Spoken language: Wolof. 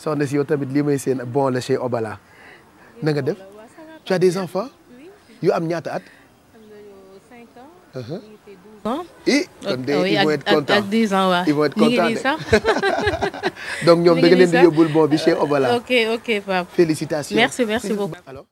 soxna si yow tamit li may seen bon la chez Obala na nga def a as des enfants yu am ñaata at. ans. Uh-huh. i kon de ils vont être contents ak dix ans waaw. ils vont être contents de sax. donc ñoom da leen di yóbbul bon bi chez Obala. ok ok Pape félicitations. merci merci beaucoup. alors